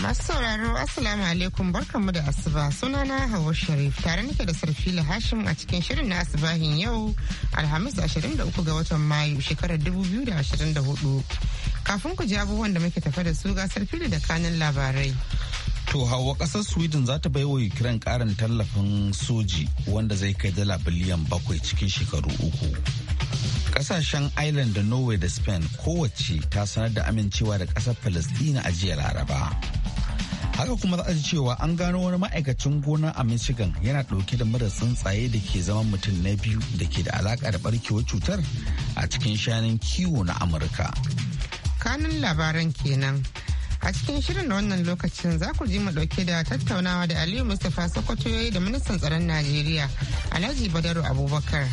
Masu sauraro Assalamu alaikum barkanmu da asuba sunana Hauwa Sharif tare nake da Sarfila Hashim a cikin shirin na asubahin yau Alhamis 23 ga watan Mayu shekarar 2024. Kafin ku ji abubuwan da muke tafa da su ga Sarfila da kanin labarai. To hawa kasar Sweden za ta baiwa Ukraine karin tallafin soji wanda zai kai dala biliyan bakwai cikin shekaru uku. Kasashen Island da Norway da Spain kowace ta sanar da amincewa da kasar Palestina a jiya Laraba. haka kuma za a ji cewa an gano wani ma'aikacin gona a michigan yana dauke da mara tsuntsaye da ke zama mutum na biyu da ke da alaka da barkewar cutar a cikin shanun kiwo na amurka kanun labaran kenan a cikin shirin da wannan lokacin za ku ji mu dauke da tattaunawa da aliyu mustapha sokoto da ministan tsaron najeriya alhaji badaru abubakar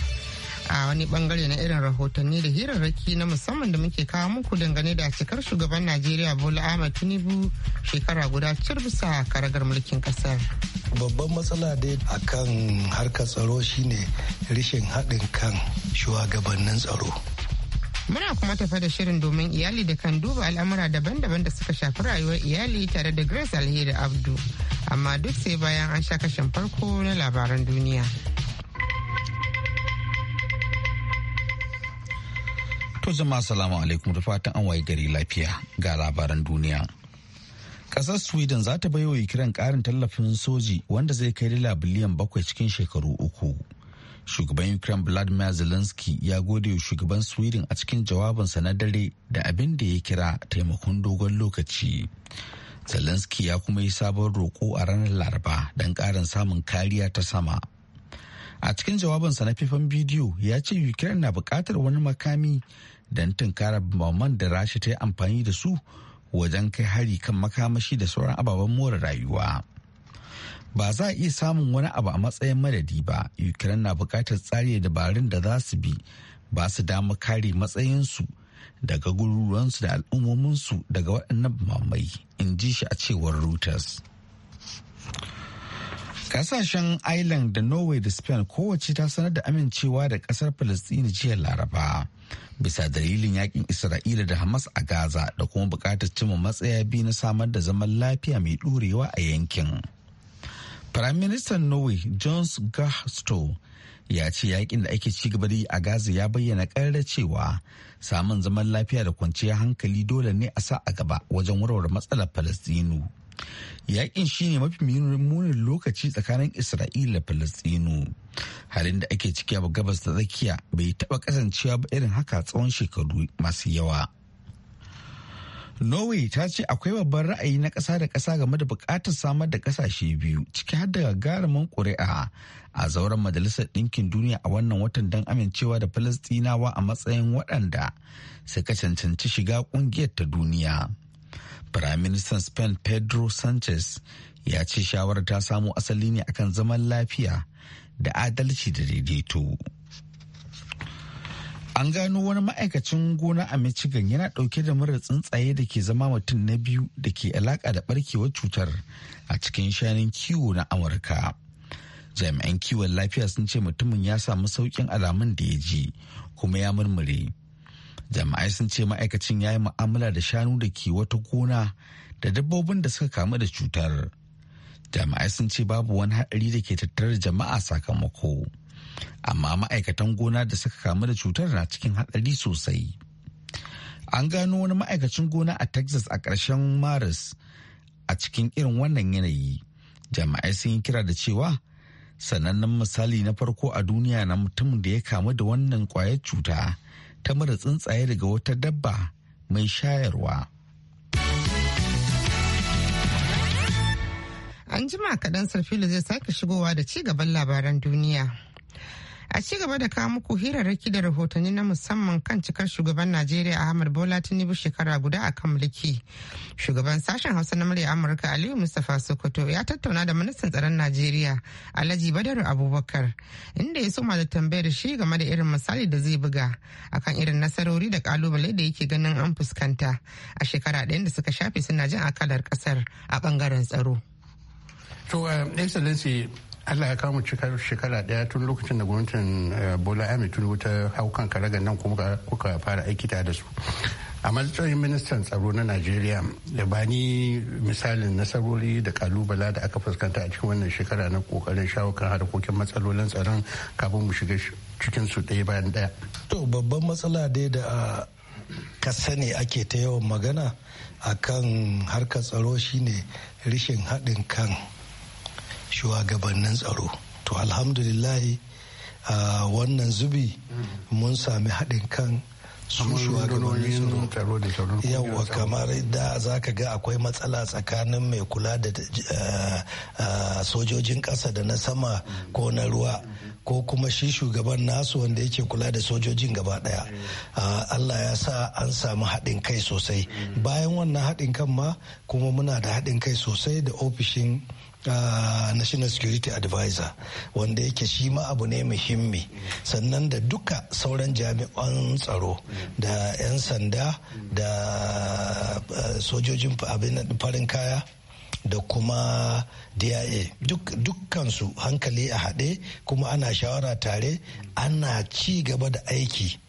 a wani bangare na irin rahotanni da hirarraki na musamman da muke kawo muku dangane da cikar shugaban najeriya bola ahmed tinubu shekara guda cir bisa karagar mulkin kasar babban matsala dai kan harkar tsaro shine rashin haɗin kan shugabannin tsaro Muna kuma tafa da shirin domin iyali da kan duba al'amura daban-daban da suka shafi rayuwar iyali tare da Grace Alheri Abdu. Amma duk sai bayan an sha kashin farko na labaran duniya. To zama salamu alaikum da fatan an waye gari lafiya ga labaran duniya. Kasar Sweden za ta baiwa kiran karin tallafin soji wanda zai kai dala biliyan bakwai cikin shekaru uku. Shugaban Ukraine Vladimir Zelensky ya gode wa shugaban Sweden a cikin jawabinsa na dare da abin da ya kira taimakon dogon lokaci. Zelensky ya kuma yi sabon roƙo a ranar Laraba don ƙarin samun kariya ta sama. A cikin jawabinsa na faifan bidiyo ya ce Ukraine na buƙatar wani makami don tunkarar bamman da rasha ta yi amfani da su wajen kai hari kan makamashi da sauran ababen more rayuwa ba za a iya samun wani abu a matsayin madadi ba ukraine na bukatar tsari da dabarun da za su bi ba su dama kare matsayinsu daga gururuwansu da al'ummominsu daga waɗannan mamai in ji shi a cewar reuters Kasashen Island da Norway da Spain kowace ta sanar da amincewa da kasar Falastini jiya Laraba. Bisa dalilin yakin Isra'ila da Hamas a Gaza da kuma bukatar cimma matsaya biyu na samar da zaman lafiya mai ɗorewa a yankin. Firaministan Norway Jones Gahr ya ce yakin da ake ci gaba da yi a Gaza ya bayyana ƙarar cewa samun zaman lafiya da kwanciyar hankali dole ne a sa a gaba wajen warware matsalar Falastinu. yakin shine mafi munin lokaci tsakanin isra'ila da falastinu halin da ake ciki a gabas da tsakiya bai taba kasancewa ba irin haka tsawon shekaru masu yawa norway ta ce akwai babban ra'ayi na ƙasa da ƙasa game da buƙatar samar da kasashe biyu ciki har da gagarumin ƙuri'a a zauren majalisar ɗinkin duniya a wannan watan don amincewa da falastinawa a matsayin waɗanda suka cancanci shiga ƙungiyar ta duniya. Firaministan Spain Pedro Sanchez ya ce shawarar ta samo asali ne akan zaman lafiya da adalci da daidaito. An gano wani ma'aikacin gona a Michigan yana ɗauke da mura tsuntsaye da ke zama mutum na biyu da ke alaƙa da ɓarkewar cutar a cikin shanin kiwo na Amurka. Jami'an kiwon lafiya sun ce mutumin ya samu sauƙin alamun da ya ji kuma ya murmure. jama'ai sun ce ma'aikacin ya yi mu'amala da shanu da ke wata gona da dabbobin da suka kamu da cutar jama'ai sun ce babu wani haɗari da ke tattare da jama'a sakamako amma ma'aikatan gona da suka kamu da cutar na cikin haɗari sosai an gano wani ma'aikacin gona a texas a ƙarshen maris a cikin irin wannan yanayi jama'ai sun yi kira da cewa sanannen misali na farko a duniya na mutum da ya kamu da wannan kwayar cuta ta mura tsuntsaye daga wata dabba mai shayarwa. An jima kaɗan Sarfilo zai sake shigowa da ci gaban labaran duniya. A ci gaba da kawo muku hirarraki da rahotanni na musamman kan cikar shugaban Najeriya Ahmad Bola Tinubu shekara guda a kan mulki. Shugaban sashen Hausa na murya Amurka Aliyu Mustapha Sokoto ya tattauna da ministan tsaron Najeriya Alhaji Badaru Abubakar inda ya soma da tambayar shi game da irin misali da zai buga akan irin nasarori da kalubale da yake ganin an fuskanta a shekara ɗayan da suka shafe suna jin akalar ƙasar a ɓangaren tsaro. To, eh, Excellency, allah ya kama cikar shekara daya tun lokacin da gwamnatin eh, bola ahmed tinubu ta hau kan karagar nan kuma kuka fara aiki da su a matsayin ministan tsaro na najeriya da bani misalin nasarori da kalubala da aka fuskanta a cikin wannan shekara na kokarin shawo kan harkokin matsalolin tsaron kafin mu shiga cikin su ɗaya bayan ɗaya to babban matsala dai da ah, ka sani ake ta yawan magana akan harkar tsaro shine rishin haɗin kan shugabannin tsaro to alhamdulillahi a wannan zubi mun sami haɗin kan su shugabannin tsaro yawwa kamar da za ka ga akwai matsala tsakanin mai kula da eh, eh, sojojin ƙasa da na sama ko na ruwa ko kuma shi shugaban nasu wanda yake kula da sojojin gaba daya allah ya sa an samu haɗin kai sosai bayan wannan haɗin kan ma kuma muna da haɗin kai sosai da ofishin national security advisor wanda yake shi ma abu ne muhimmi sannan da duka sauran jami'an tsaro da 'yan sanda da eh, sojojin farin kaya da kuma dia dukkansu hankali a haɗe kuma ana shawara tare ana ci gaba da aiki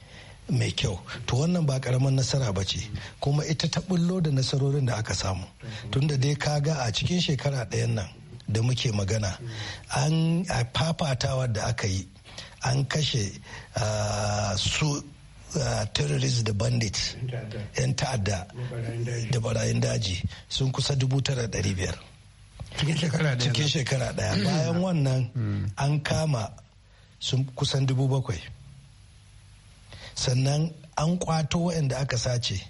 mai kyau to wannan ba karamin nasara ba ce kuma ita ta bullo da nasarorin da aka samu tunda dai kaga a cikin shekara ɗayan nan da muke magana an fafatawa da aka yi an kashe su terrorist da bandit yan ta'adda da barayin daji sun kusa dubu tara dari biyar cikin shekara daya bayan wannan hmm. an kama sun kusan dubu bakwai sannan an kwato waɗanda aka sace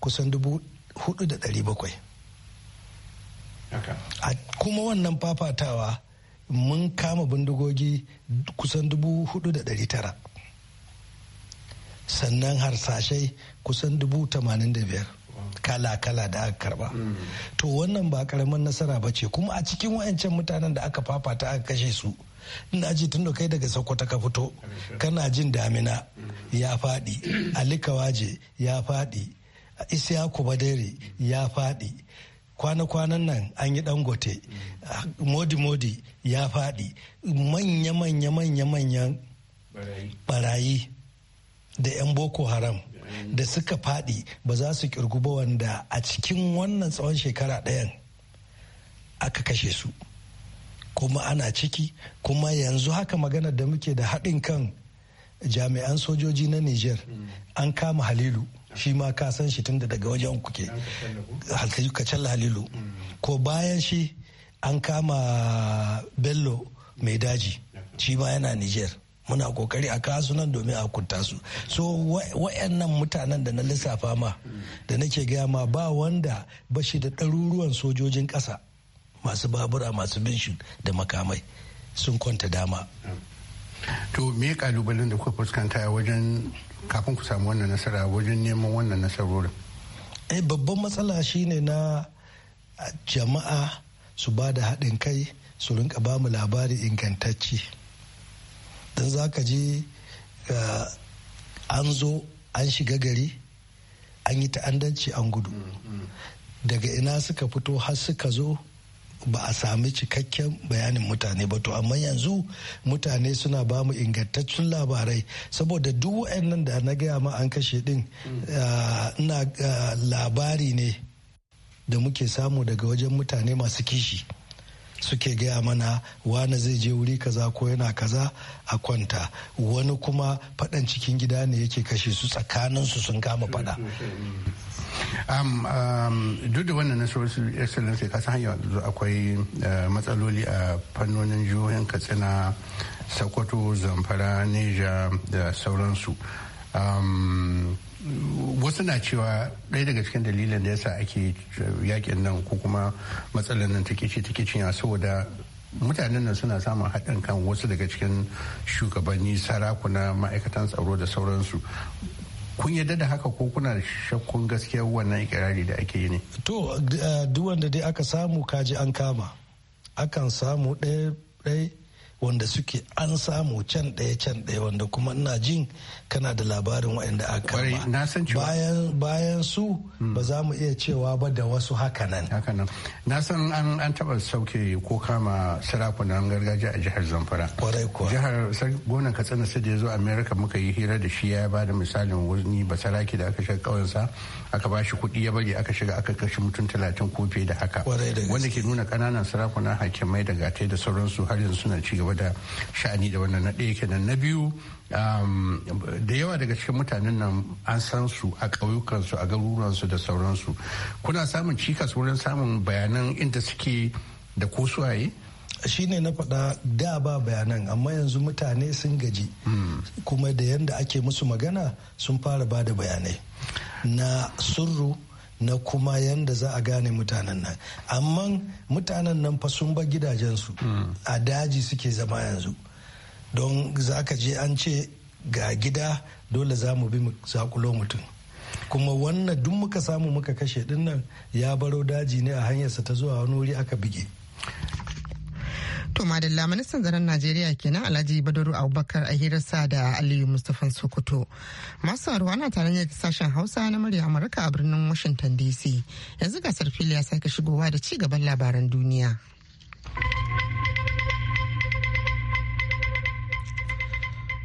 kusan dubu hudu da dari bakwai a kuma wannan fafatawa mun kama bindigogi kusan dubu hudu da dari tara sannan harsashai kusan dubu tamanin da biyar kala-kala da aka karba mm. to wannan ba karamin nasara ba ce kuma a cikin wayancan mutanen da aka fafata aka kashe su ina ji tun da kai daga sokoto ka fito kana jin damina mm. ya faɗi alikawaje ya faɗi isiyaku kubadere ya faɗi kwana-kwanan nan an yi dangote modi-modi ya faɗi manya-manya-manya-manyan barayi da 'yan boko haram da suka faɗi ba za su kirgu ba wanda a cikin wannan tsawon shekara ɗayan aka kashe su kuma ana ciki kuma yanzu haka magana da muke da haɗin kan jami'an sojoji na niger an kama halilu shi ma ka san shi tunda daga wajen kuke kacalla halilu mm. ko bayan shi an kama bello mai daji shi ma yana niger muna kokari a kasu nan domin a kunta su so wayannan mutanen da na lissafa ma da nake gaya ma ba wanda ba shi da ɗaruruwan sojojin ƙasa masu babura masu binshin da makamai sun kwanta dama mm. to me kalubalen da kuka fuskanta a wajen kafin ku samu wannan nasara wajen neman wannan nasarorin eh babban matsala shine na jama'a su ba da haɗin kai su rinka ba mu labari ingantacce don za ka je eh, an zo an shiga gari an yi ta'andanci an gudu mm, mm. daga ina suka fito har suka zo ba a sami cikakken bayanin mutane ba to amma yanzu mutane suna ba mu ingantaccen labarai saboda duk waɗannan da na gaya ma an kashe din eh, ina eh, labari ne da muke samu daga wajen mutane masu kishi suke gaya mana wani zai je wuri kaza ko yana kaza a kwanta wani kuma faɗan cikin gida ne yake kashe su tsakanin su sun kama faɗa um, um, duk da wannan nasarorin excellence ka san hanyar akwai eh, matsaloli a fannonin jihohin katsina sokoto zamfara neja da sauransu um, wasu na cewa ɗaya daga cikin dalilin da yasa ake yakin nan ko kuma matsalar nan take ce take cinya saboda mutanen nan suna samun haɗin kan wasu daga cikin shugabanni sarakuna ma'aikatan tsaro da sauransu kun yadda da haka ko kuna shakkun gaskiyar wannan ikirari da ake yi ne to eh, duk wanda dai aka samu kaji an kama akan samu ɗaya wanda suke an samu can ɗaya can daya wanda kuma ina jin kana da labarin waɗanda a bayan bayan su hmm. ba za mu iya cewa ba da wasu hakanan hakanan na san an an taɓa sauke ko kama sarakunan gargajiya a jihar zamfara kwarai kuwa jihar gonan katsina su da ya zo Amerika muka yi hira da shi ya ba da misalin wani saraki da aka shiga ƙauyensa aka ba shi kuɗi ya bari aka shiga aka kashe mutum talatin ko da haka wanda ke nuna ƙananan sarakunan hakimai da gatai da sauransu har yanzu suna ci gaba gaba da sha'ani da wannan na ɗaya kenan na biyu um, da yawa daga cikin mutanen nan an san su a ƙauyukansu a garuruwansu da sauransu kuna samun cikas wurin samun bayanan inda suke da ko suwaye shine na faɗa da ba bayanan amma yanzu mutane sun gaji hmm. kuma da yadda ake musu magana sun fara bada bayanai na surru na kuma yadda za a gane mutanen nan amma mutanen nan fa sun ba gidajensu a daji suke zama yanzu don za ka je an ce ga gida dole za mu bi zakulo mutum kuma wannan duk muka samu muka kashe ɗinnan ya baro daji ne a hanyarsa ta zuwa wani wuri aka bige To madalla ministan zaren Najeriya kenan Alhaji Badaru Abubakar a hirarsa da Aliyu Mustapha Sokoto. Masu haruwa na tare ne sashen Hausa na murya Amurka a birnin Washington DC. Yanzu gasar fili ya sake shigowa da ci gaban labaran duniya.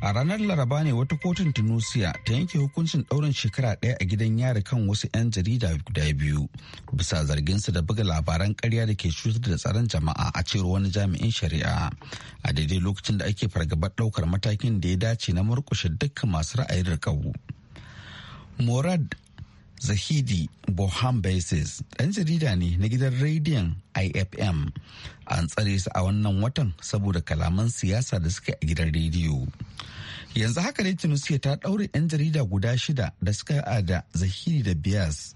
a ranar laraba ne wata kotun tunisia ta yanke hukuncin ɗaurin shekara ɗaya a gidan yari kan wasu 'yan jarida guda biyu bisa zarginsu da buga labaran karya da ke cutar da tsaron jama'a a cewar wani jami'in shari'a a daidai lokacin da ake fargabar ɗaukar matakin da ya dace na murƙushe dukkan masu ra'ayin rikau morad Zahidi Boham Basis ɗan jarida ne na gidan rediyon IFM. An tsare su a wannan watan saboda kalaman siyasa da suka a gidan rediyo. Yanzu haka dai Tunisia ta ɗaure 'yan jarida guda shida da suka da Zahidi da Bias.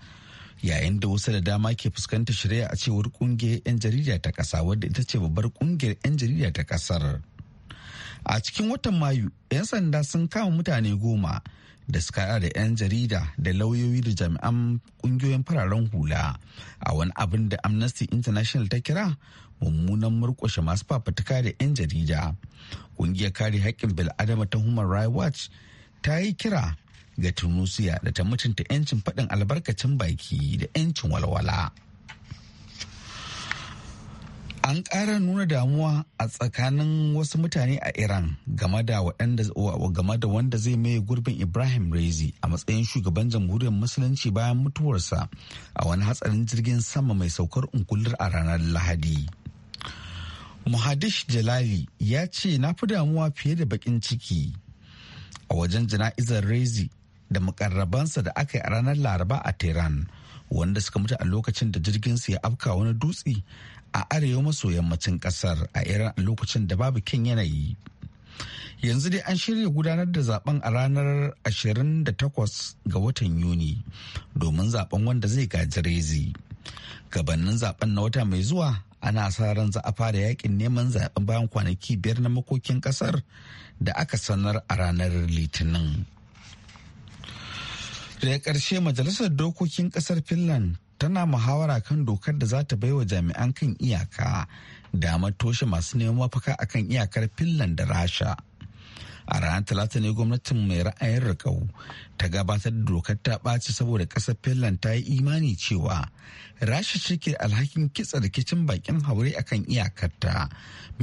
Yayin da wasu da dama ke fuskanta shirya a cewar ƙungiyar 'yan jarida ta ƙasa wadda ita ce babbar ƙungiyar 'yan jarida ta ƙasar. A cikin watan Mayu, 'yan sanda sun kama mutane goma da suka da 'yan jarida da lauyoyi da jami'an ƙungiyoyin fararen hula a wani abin da amnesty international ta kira mummunan murkushe masu fafatuka da 'yan jarida ƙungiyar kare haƙƙin bil'adama ta human rights watch ta yi kira ga tunusiya da ta mutunta 'yancin faɗin albarkacin baki da 'yancin walwala. an ƙara nuna damuwa a tsakanin wasu mutane a iran game da game wanda zai maye gurbin ibrahim rezi a matsayin shugaban jamhuriyar musulunci bayan mutuwarsa a wani hatsarin jirgin sama mai saukar unkulur a ranar lahadi muhadish jalali ya ce na fi damuwa fiye da bakin ciki a wajen jana'izar rezi da mukarrabansa da aka yi a ranar laraba a tehran wanda suka mutu a lokacin da jirgin su ya afka wani dutse a arewa maso yammacin kasar a iran a lokacin da babu kyan yanayi yanzu dai an shirya gudanar da zaben a ranar 28 ga watan yuni domin zaben wanda zai gaji rezi gabanin zaben na wata mai zuwa ana sa ran za a fara yakin neman zaben bayan kwanaki biyar na makokin kasar da aka sanar a ranar litinin daga ƙarshe majalisar dokokin ƙasar finland tana muhawara kan dokar da za ta baiwa jami'an kan iyaka da matoshe masu neman mafaka a kan iyakar finland da rasha a ranar talata ne gwamnatin mai ra'ayin rikau ta gabatar da dokar ta ɓaci saboda ƙasar finland ta yi imani cewa rasha ce ke alhakin kitsa rikicin bakin haure akan iyakarta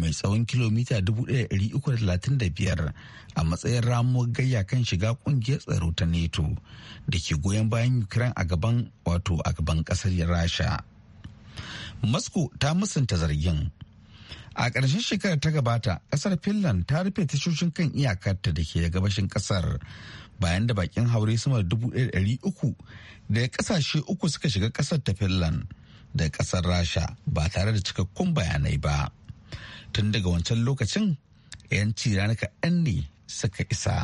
mai tsawon kilomita 1,335 a matsayin ramuwar gayya kan shiga kungiyar tsaro ta neto da ke goyon bayan ukraine a gaban wato a gaban kasar rasha moscow ta musanta zargin a ƙarshen shekarar ta gabata ƙasar finland ta rufe tashoshin kan iyakarta da ke gabashin ƙasar bayan da bakin haure sama da dubu uku daga ƙasashe uku suka shiga ƙasar ta finland da ƙasar rasha ba tare da cikakkun bayanai ba. tun daga wancan lokacin 'yanci rana kaɗan ne suka isa.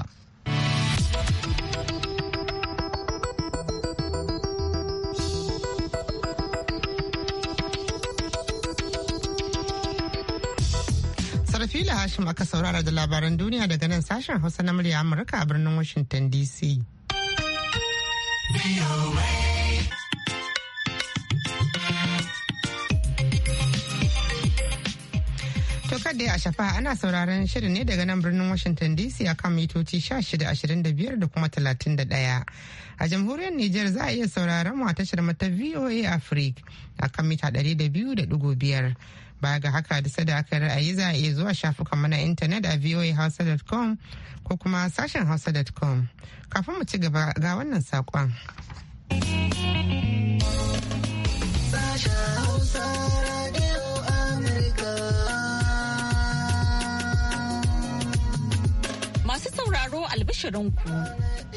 Sarfila Hashim aka saurara da labaran duniya daga nan sashen Hausa na murya Amurka a birnin Washington DC. kada ya shafa ana sauraron shirin ne daga nan birnin Washington DC a kan mitoci 1625 da kuma 31. A jamhuriyar Nijar za a iya sauraron mu a tashar mata VOA Africa a kan mita 200.5. Baya ga haka da sada aka ra'ayi za a iya zuwa shafukan mana intanet a voahausa.com ko kuma sashen hausa.com. Kafin mu ci gaba ga wannan saƙon. ku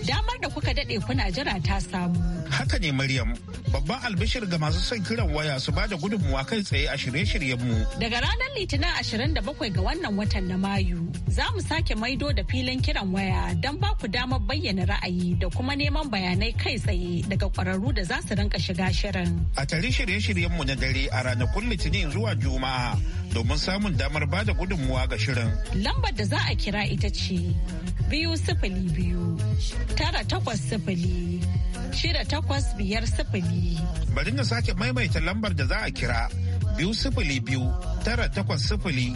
damar da kuka daɗe kuna jira ta samu. Haka ne Maryam, babban albishir ga masu son kiran waya su bada gudunmuwa kai tsaye a shirye shiryen mu. Daga ranar Litinin ashirin da 27 ga wannan watan na Mayu, za mu sake maido da filin kiran waya don ba ku damar bayyana ra'ayi da kuma neman bayanai kai tsaye daga kwararru da za su rinka shiga shirin. A tare shirye shiryen mu na dare a ranakun Litinin zuwa Juma'a domin samun damar bada gudunmuwa ga shirin. Lambar da za a kira ita ce biyu sifili biyu tara takwas sifili shida takwas biyar sifili. Bari na sake maimaita lambar da za a kira biyu sifili biyu tara takwas sifili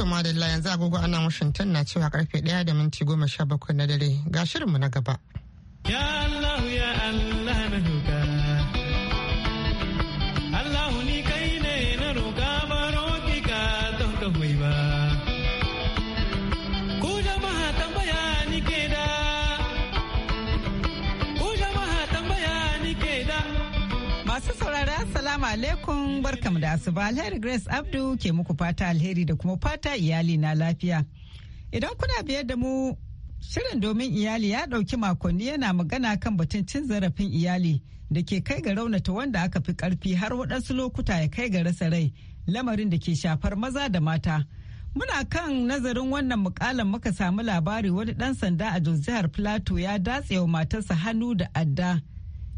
da madalla yanzu agogo ana Washington na cewa karfe 1 da minti goma sha bakwai na dare ga shirinmu na gaba. Ya Allah ya Allah. saurara salamu alaikum barkamu da asuba alheri Grace Abdu ke muku fata alheri da kuma fata iyali na lafiya. Idan kuna biyar da mu shirin domin iyali ya ɗauki makonni yana magana kan batun cin zarafin iyali da ke kai ga raunata wanda aka fi karfi har waɗansu lokuta ya kai ga rasa rai lamarin da ke shafar maza da mata. Muna kan nazarin wannan mukalan muka samu labari wani ɗan sanda a Jos jihar Plateau ya datse wa matarsa hannu da adda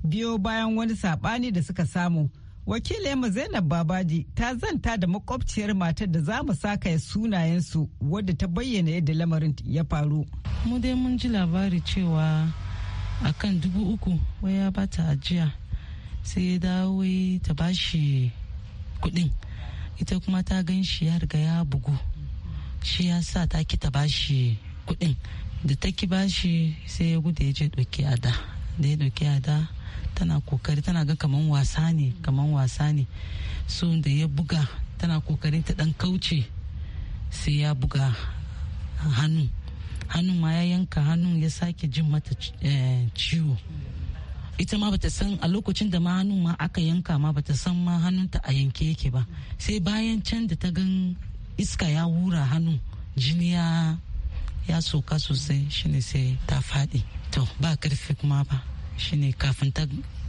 biyo bayan wani saɓani da suka samu. Wakilinmu Zainab Babaji ta zanta da makwabciyar matar da za mu saka sunayensu wadda ta bayyana yadda lamarin ya faru. Mu dai mun ji labari cewa akan dubu uku wai ya bata ajiya sai ya dawo ta bashi kuɗin ita kuma ta gan shi ya riga ya bugu shi ya sa ta ki ta bashi kuɗin da ta ki bashi sai ya gude ya je ɗauki ada da ya ɗauki ada tana kokari tana ga kaman wasa ne kaman wasa ne so da ya buga tana kokari ta dan kauce sai ya buga hannu hannun ma ya yanka hannun ya sake jin mata eh, ciwo ita ma bata san a lokacin da ma hannun ma aka yanka ma bata san ma hannunta a yanke yake ba sai bayan can da ta gan iska ya wura hannu jini ya ya soka sosai shine sai ta faɗi to ba karfi kuma ba shine kafin ta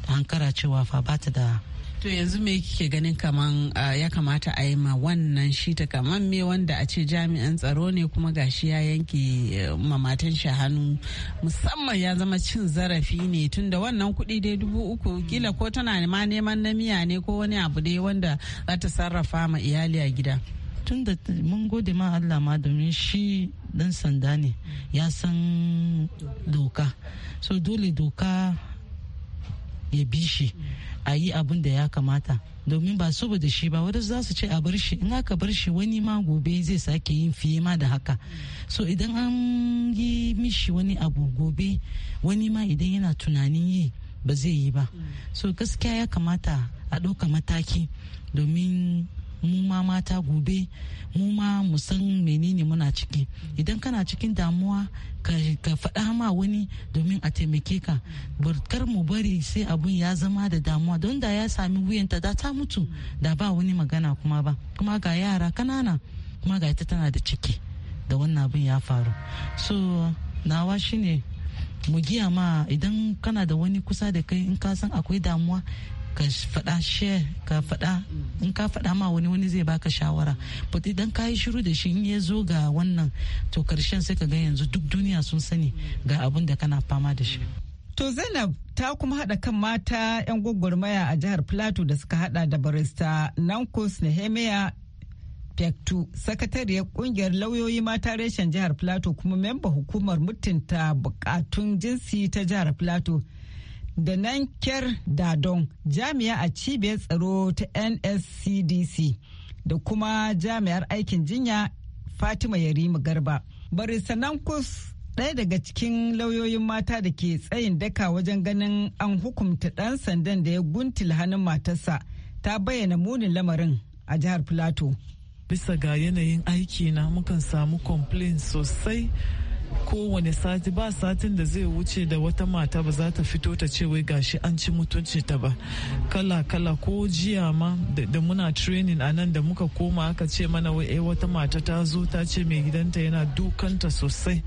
hankara cewa fa ba ta da to yanzu me kike ganin kaman ah, ya kamata a yi ma wannan shi ta kaman me wanda a ce jami'an tsaro ne kuma gashi ya yanke eh, mamatan shi hannu musamman ya zama cin zarafi ne tunda wannan kuɗi dai dubu uku gila ko tana ma neman na miya ne ko wani abu dai wanda za ta sarrafa ma iyali a gida tun da mun gode ma Allah ma domin shi dan sanda ne ya san doka so dole doka ya bi shi a yi abin da ya kamata domin ba saboda shi ba wadda za su ce a bar shi in aka bar shi wani ma gobe zai sake yin fiye ma da haka so idan an yi mishi wani abu gobe wani ma idan yana tunanin yi ba zai yi ba so gaskiya ya kamata a ɗauka mataki domin mu ma mata gobe mu ma mu san menene muna ciki idan kana cikin damuwa ka faɗa ma wani domin a taimake ka kar mu bari sai abun ya zama da damuwa don da ya sami wuyanta da ta mutu da ba wani magana kuma ba kuma ga yara kanana kuma ga ita tana da ciki da wannan abin ya faru so nawa shine mu giya ma idan kana da wani kusa da kai in ka san akwai damuwa ka faɗa share ka faɗa in ka faɗa ma wani wani zai baka shawara but idan ka yi shiru da shi in ya zo ga wannan to karshen sai ka ga yanzu duk duniya sun sani ga abin da kana fama da shi To Zainab ta kuma haɗa kan mata 'yan gwagwarmaya a jihar Plateau da suka haɗa da barista Nankos Nehemiah Pektu, sakatariyar kungiyar lauyoyi mata reshen jihar Plateau kuma memba hukumar mutunta bukatun jinsi ta jihar Plateau. da nanker dadon jami'a a cibiyar tsaro ta nscdc da kuma jami'ar aikin jinya fatima yarima garba sanan kus ɗaya daga cikin lauyoyin mata da ke tsayin daka wajen ganin an hukumta ɗan sandan da ya guntul hannun matarsa ta bayyana munin lamarin a jihar plateau bisa ga yanayin aiki na mukan samu complain sosai kowane sati ba satin da zai wuce da wata mata ba za ta fito ta ce wai gashi an ci mutunci ta ba kala kala ko jiya ma da muna training a nan da muka koma aka ce mana wai eh, wata mata ta zo ta ce mai gidanta yana dukanta sosai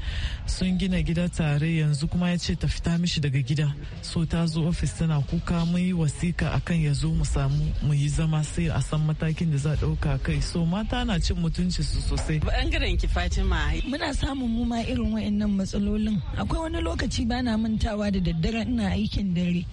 sun gina gida tare yanzu kuma ya ce ta fita mishi daga gida so ta zo ofis tana kuka mun yi wasika akan ya zo mu samu mu yi zama sai a san matakin da za a ɗauka kai so mata na cin mutunci su sosai. Bangaren ki Fatima. Muna samun mu ma irin wa'annan matsalolin akwai wani lokaci ba na mantawa da daddare ina aikin dare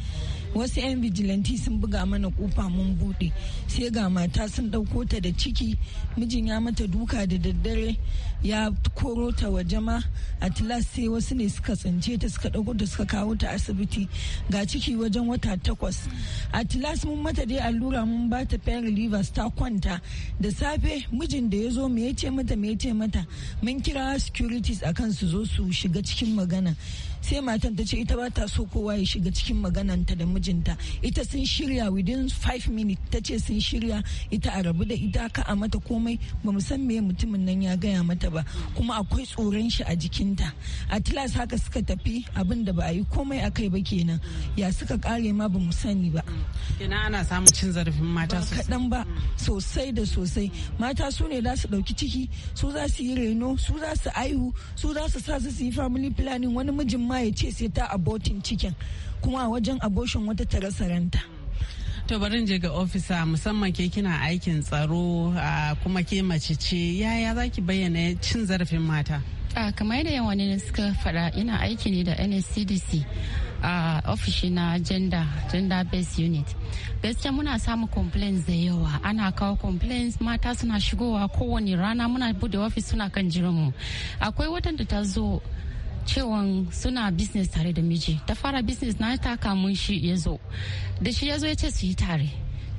wasu 'yan vigilanti sun buga mana kofa mun bude sai ga mata sun dauko ta da ciki mijin ya mata duka da daddare ya koro ta waje ma atlas sai wasu ne suka tsince ta suka dauko ta suka kawo ta asibiti ga ciki wajen wata takwas atlas mun mata dai allura mun ba ta pain relievers ta kwanta da safe mijin da ya zo me ya ce mata me ya ce mata mun kira securities akan su zo su shiga cikin magana sai matan ta ce ita ba ta so kowa ya shiga cikin ta da mijinta ita sun shirya within 5 minutes ta ce sun shirya ita a rabu da ita ka a mata komai ba mu san me mutumin nan ya gaya mata ba kuma akwai tsoron shi a jikinta atlas haka suka tafi abin da ba a yi komai a kai ba kenan ya suka kare ma ba mu sani ba ina ana samun cin zarafin mata sosai kaɗan ba hmm. sosai da sosai mata su ne za su ɗauki ciki su za su yi reno su za su aihu su za su sa su yi family planning wani mijin ma ya ce sai ta abotin cikin kuma a wajen aboshin wata ta rasa ranta to bari je ga ofisa musamman ke kina aikin tsaro kuma ke mace ce yaya za ki bayyana cin zarafin mata a kamar yadda yawan ne suka fada ina aiki ne da nscdc a ofishi na gender gender based unit gaskiya muna samun complaints da yawa ana kawo complaints mata suna shigowa kowane rana muna bude ofis suna kan jiran mu akwai watan da ta zo cewan suna business tare da miji ta fara business na ta kamun shi ya zo da shi ya ya ce su yi tare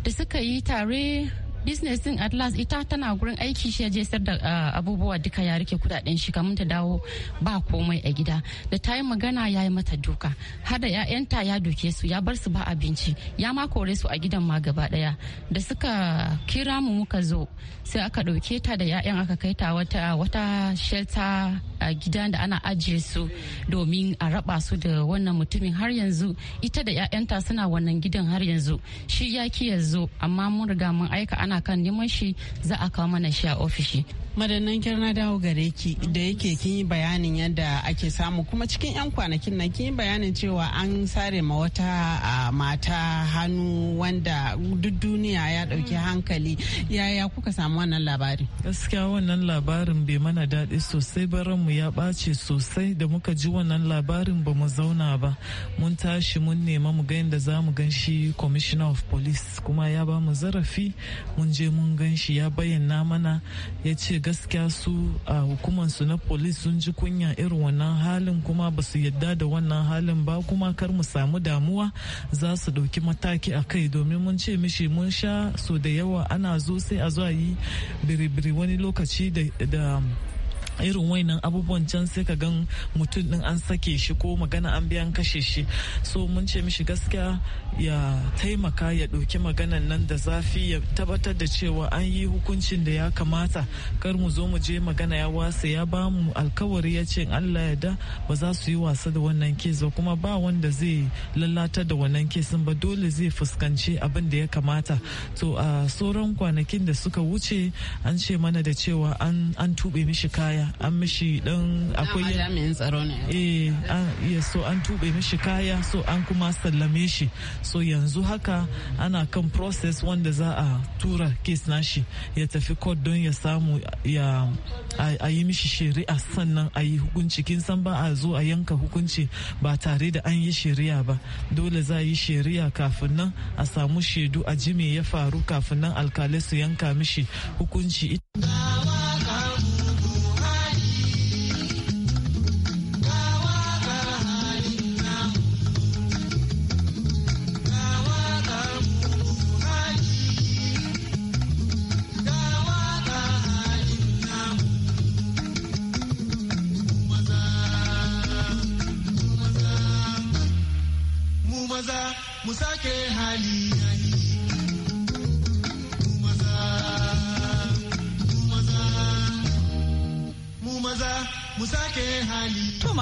da suka yi tare business din at ita tana gurin aiki shi je sayar da ah, abubuwa duka ya rike kudaden shi kamun ta dawo ba komai a gida da ta yi magana ya yi mata duka har da 'ya'yanta ya duke su ya bar su ba abinci ya ma kore su a gidan ma gaba daya da suka kira mu muka zo sai aka ɗauke ta da 'ya'yan aka kai ta wata wata shelter a gidan da ana ajiye su domin a raba su da wannan mutumin har yanzu ita da 'ya'yanta suna wannan gidan har yanzu shi ya ki yanzu amma mun riga mun aika ana ana kan neman shi za a kawo mana shi a ofishi madannan kyar dawo gare ki da yake kin yi bayanin yadda ake samu kuma cikin 'yan kwanakin nan kin yi bayanin cewa an sare ma wata mata hannu wanda duk duniya ya dauki hankali yaya kuka samu wannan labarin. gaskiya wannan labarin bai mana daɗi sosai mu ya ɓace sosai da muka ji wannan labarin ba mu zauna ba mun tashi mun nema mu ga yadda za mu gan shi commissioner of police kuma ya ba mu zarafi mun je mun gan shi ya bayyana mana ya ce gaskiya su a hukumar su na police sun ji kunya irin wannan halin kuma ba su yadda da wannan halin ba kuma kar mu samu damuwa za su ɗauki mataki a kai domin mun ce mishi mun sha so da yawa ana zo sai a zo a yi biribiri wani lokaci da irin wainan abubuwan can sai ka gan mutum din an sake shi ko magana an biyan kashe shi so mun ce mishi gaskiya ya taimaka ya ɗauki maganan nan da zafi ya tabbatar da cewa an yi hukuncin da ya kamata kar mu zo mu je magana ya wasa ya ba mu alkawari ya ce allah ya da ba za su yi wasa da wannan kes ba kuma ba wanda zai lalata da wannan kesin ba dole zai fuskanci abin da ya kamata to a sauran kwanakin da suka wuce an ce mana da cewa an tuɓe mishi kaya an mishi dan akwai jami'in tsaro eh, so an tuɓe mishi kaya so an kuma sallame shi so yanzu haka ana kan process wanda za a tura case nashi ya tafi court don ya samu a yi mishi shari'a sannan a yi hukunci kin san ba a zo a yanka hukunci ba tare da an yi shari'a ba dole za a yi shari'a kafin nan a samu shaidu a jimi ya faru kafin nan alkalai su yanka mishi hukunci ita.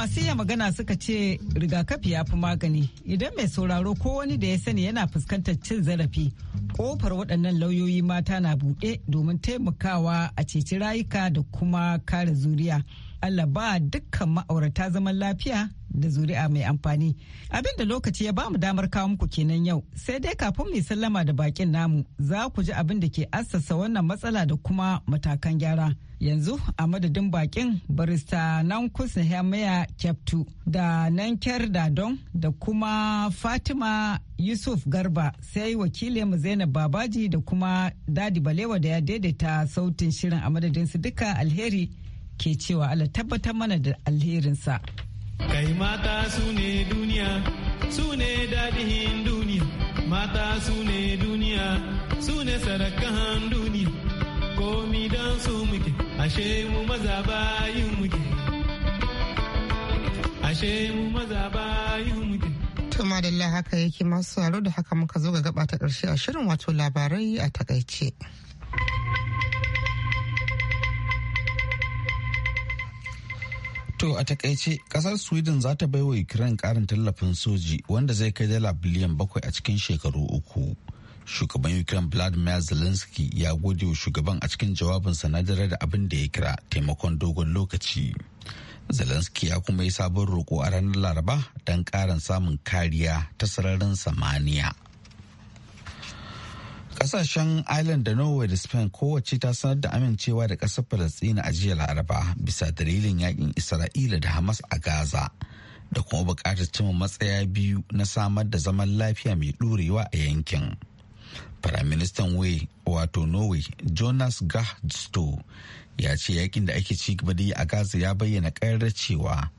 masu iya magana suka ce rigakafi ya fi magani idan mai sauraro ko wani da ya sani yana fuskantar cin zarafi kofar waɗannan lauyoyi mata na buɗe domin taimakawa a ceci rayuka da kuma kare zuriya. Allah ba dukkan ma'aurata zaman lafiya da zuri'a mai amfani. abinda lokaci ya ba mu damar kawo muku kenan yau, sai dai kafin mu sallama da bakin namu za ku ji abin da ke assasa wannan matsala da kuma matakan gyara. Yanzu a madadin bakin barista nan kusa Hamaya Kyaftu da nan kyar don da kuma Fatima Yusuf Garba sai mu Zainab Babaji da kuma Dadi Balewa da ya daidaita sautin shirin a madadin su duka alheri. ke cewa Allah tabbatar mana da alherinsa. Kai mata su ne duniya, su ne daɗin duniya, mata su ne duniya, su ne sarakan duniya, komi don su muke, ashe mu maza bayin muke. Ashe mu maza bayin muke. To madalla haka yake masu saro da haka muka zo ga gaba ta ƙarshe a shirin wato labarai a takaice. To a takaice kasar Sweden za ta baiwa Ukraine karin tallafin soji wanda zai kai dala biliyan bakwai a cikin shekaru uku. Shugaban Ukraine Vladimir Zelensky ya gode wa shugaban a cikin jawabin na da abin da ya kira taimakon dogon lokaci. Zelensky ya kuma yi sabon roƙo a ranar Laraba don ƙarin samun kariya ta sararin samaniya. Kasashen Ireland da Norway da Spain kowace ta sanar da amincewa da ƙasar Falasɗina a jiya Laraba bisa dalilin yakin Isra'ila da Hamas a Gaza da kuma buƙatar cin matsaya biyu na samar da zaman lafiya mai ɗorewa a yankin. Firaministan Way wato Norway Jonas Gahr ya ce yakin da ake ci gaba da yi a Gaza ya bayyana ƙarar cewa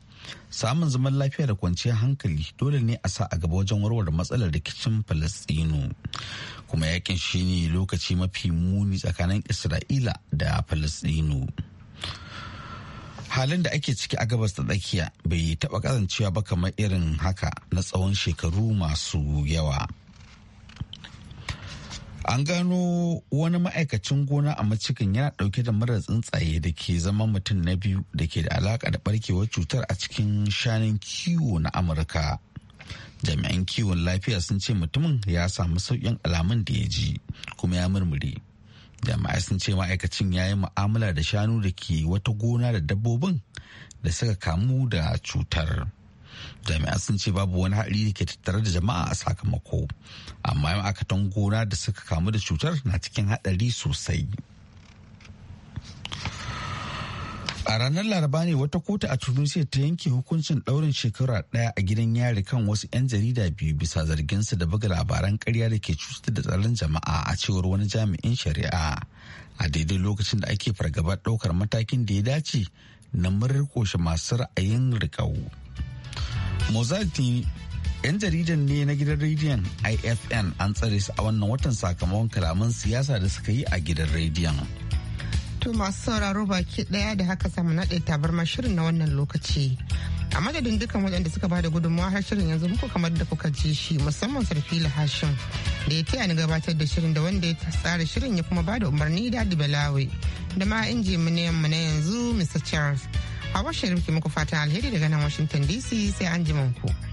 samun zaman lafiya da kwanciyar hankali dole ne a sa a gaba wajen warware matsalar rikicin falastinu kuma yakin shi ne lokaci mafi muni tsakanin isra'ila da falastinu halin da ake ciki a gabas ta tsakiya bai taɓa kasancewa ba kamar irin haka na tsawon shekaru masu yawa an gano wani ma'aikacin gona a macikin yana dauke da mara tsuntsaye da ke zama mutum na biyu da ke da alaka da barkewar cutar a cikin shanin kiwo na amurka jami'an kiwon lafiya sun ce mutumin ya samu sauƙin alamun da ya ji kuma ya murmure jami'ai sun ce ma'aikacin ya yi mu'amala da shanu da ke wata gona da dabbobin da suka kamu da cutar. jami'an sun ce babu wani haɗari da ke tattare da jama'a a sakamako amma yan akatan gona da suka kamu da cutar na cikin haɗari sosai a ranar laraba ne wata kotu a tunisia ta yanke hukuncin ɗaurin shekara ɗaya a gidan yari kan wasu 'yan jarida biyu bisa zarginsu da buga labaran karya da ke cutar da tsaron jama'a a cewar wani jami'in shari'a a daidai lokacin da ake fargabar ɗaukar matakin da ya dace na murar koshe masu ra'ayin rikau. Mozart 'yan jaridan ne na gidan rediyon ifn an tsare su a wannan watan sakamakon kalaman siyasa da suka yi a gidan rediyon to masu sauraro baki daya da haka samu naɗe tabarma shirin na wannan lokaci a madadin dukkan waɗanda suka bada gudunmawa har shirin yanzu muku kamar da kuka ji shi musamman sarfi hashim da ya taya ni gabatar da shirin da wanda ya tsara shirin ya kuma ba da umarni dadi balawe da ma inji mu na yanzu mr charles a washe muku fatan alheri daga nan washington dc sai an ku.